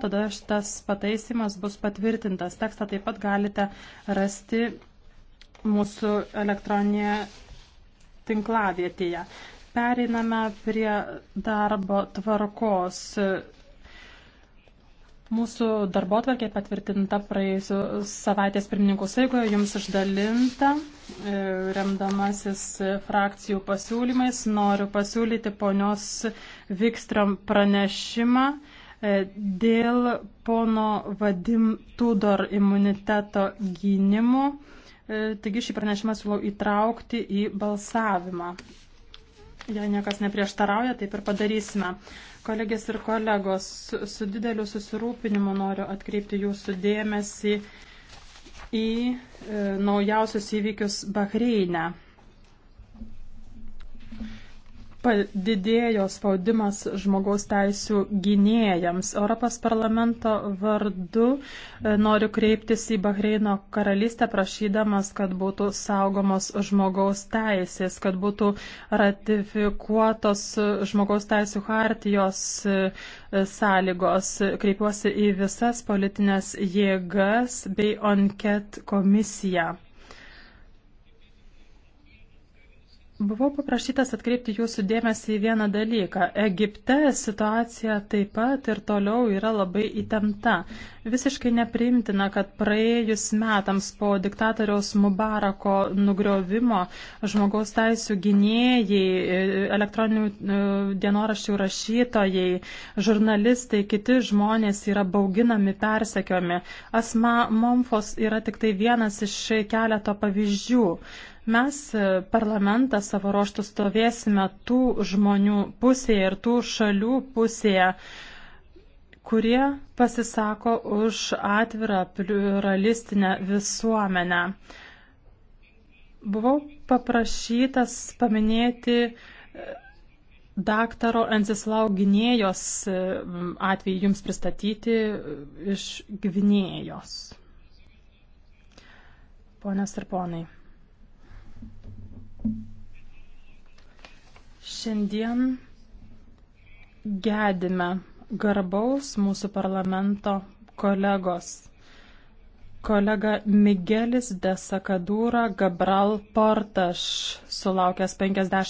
tada šitas pataisimas bus patvirtintas. Tekstą taip pat galite rasti mūsų elektroninėje tinklavietėje. Pereiname prie darbo tvarkos. Mūsų darbo tvarkė patvirtinta praėjusiu savaitės pirmininkų saigoje, jums išdalinta, e, remdamasis frakcijų pasiūlymais, noriu pasiūlyti ponios Vikstrom pranešimą E, dėl pono Vadim Tudor imuniteto gynimo, e, taigi šį pranešimą siūlau įtraukti į balsavimą. Jei niekas neprieštarauja, taip ir padarysime. Kolegės ir kolegos, su dideliu susirūpinimu noriu atkreipti jūsų dėmesį į e, naujausius įvykius Bahreinę padidėjo spaudimas žmogaus teisų gynėjams. Europos parlamento vardu e, noriu kreiptis į Bahreino karalystę prašydamas, kad būtų saugomos žmogaus teisės, kad būtų ratifikuotos žmogaus teisų hartijos e, e, sąlygos. Kreipiuosi į visas politinės jėgas bei Onket komisiją. Buvau paprašytas atkreipti jūsų dėmesį į vieną dalyką. Egipte situacija taip pat ir toliau yra labai įtempta. Visiškai nepriimtina, kad praėjus metams po diktatoriaus Mubarako nugriovimo žmogaus teisų gynėjai, elektroninių e, dienoraščių rašytojai, žurnalistai, kiti žmonės yra bauginami, persekiojami. Asma Momfos yra tik tai vienas iš keleto pavyzdžių. Mes e, parlamentą savo ruoštų stovėsime tų žmonių pusėje ir tų šalių pusėje, kurie pasisako už atvirą pluralistinę visuomenę. Buvau paprašytas paminėti e, daktaro Enzislau Gynėjos e, atvejį jums pristatyti iš Gvinėjos. Ponios ir ponai. Šiandien gedime garbaus mūsų parlamento kolegos. Kolega Miguelis de Sakadūra Gabral Portaš sulaukęs 50.